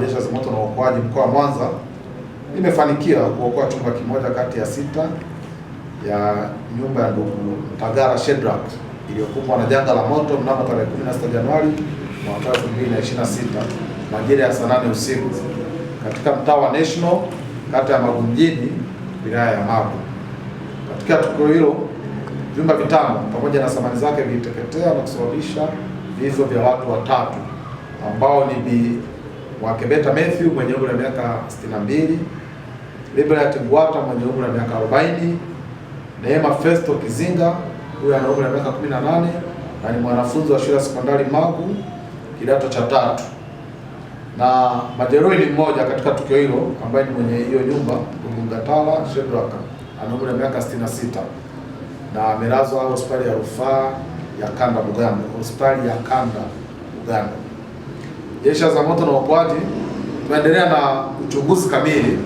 Jeshi la Zimamoto na Uokoaji mkoa wa Mwanza limefanikiwa kuokoa chumba kimoja kati ya sita ya nyumba ya ndugu Mtagara Shedrack iliyokumbwa na janga la moto mnamo tarehe 16 Januari mwaka 2026 majira ya saa nane usiku katika mtaa wa National kata ya Magu mjini wilaya ya Magu. Katika tukio hilo vyumba vitano pamoja na samani zake viliteketea na kusababisha vifo vya watu watatu ambao ni bi wa Kebeta Matthew mwenye umri wa miaka 62, Liberate Bwata mwenye umri wa miaka 40, Neema Festo Kizinga huyu ana umri wa miaka 18 na ni mwanafunzi wa shule ya sekondari Magu kidato cha tatu, na majeruhi ni mmoja katika tukio hilo ambaye ni mwenye hiyo nyumba Ndugungatala Shedraka ana umri wa miaka 66 na amelazwa hospitali ya rufaa ya kanda Bugando, hospitali ya kanda Bugando. Jeshi la Zimamoto na uokoaji tunaendelea na uchunguzi kamili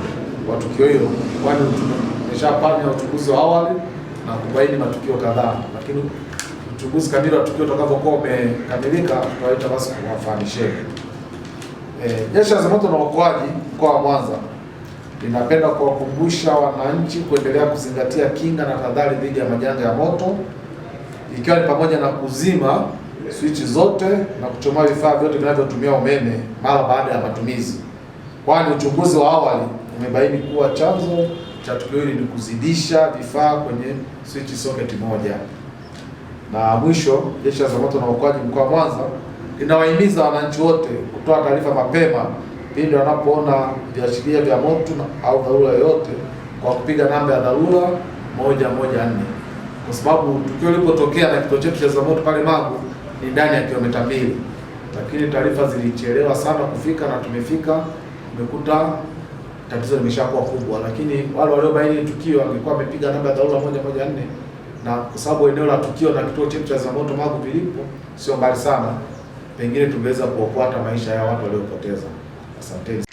wa tukio hilo, kwani tumeshafanya uchunguzi wa awali na kubaini matukio kadhaa, lakini uchunguzi kamili wa tukio utakapokuwa umekamilika tutawaita basi kuwafahamisheni. Eh, Jeshi la Zimamoto na uokoaji mkoa wa Mwanza linapenda kuwakumbusha wananchi kuendelea kuzingatia kinga na tahadhari dhidi ya majanga ya moto ikiwa ni pamoja na kuzima switch zote na kuchomoa vifaa vyote vinavyotumia umeme mara baada ya matumizi, kwani uchunguzi wa awali umebaini kuwa chanzo cha tukio hili ni kuzidisha vifaa kwenye switch socket moja. Na mwisho, Jeshi la Zimamoto na Uokoaji mkoa wa Mwanza linawahimiza wananchi wote kutoa taarifa mapema pindi wanapoona viashiria vya moto au dharura yoyote kwa kupiga namba ya dharura moja moja nne kwa sababu tukio lilipotokea na kituo chetu cha zimamoto pale Magu ni ndani ya kilomita mbili, lakini taarifa zilichelewa sana kufika na tumefika, tumekuta tatizo limeshakuwa kubwa, lakini wale waliobaini tukio angekuwa amepiga namba ya dharura moja moja nne na kwa sababu eneo la tukio na kituo chetu cha zimamoto Magu vilipo sio mbali sana, pengine tungeweza kuokoa maisha ya watu waliopoteza. Asanteni.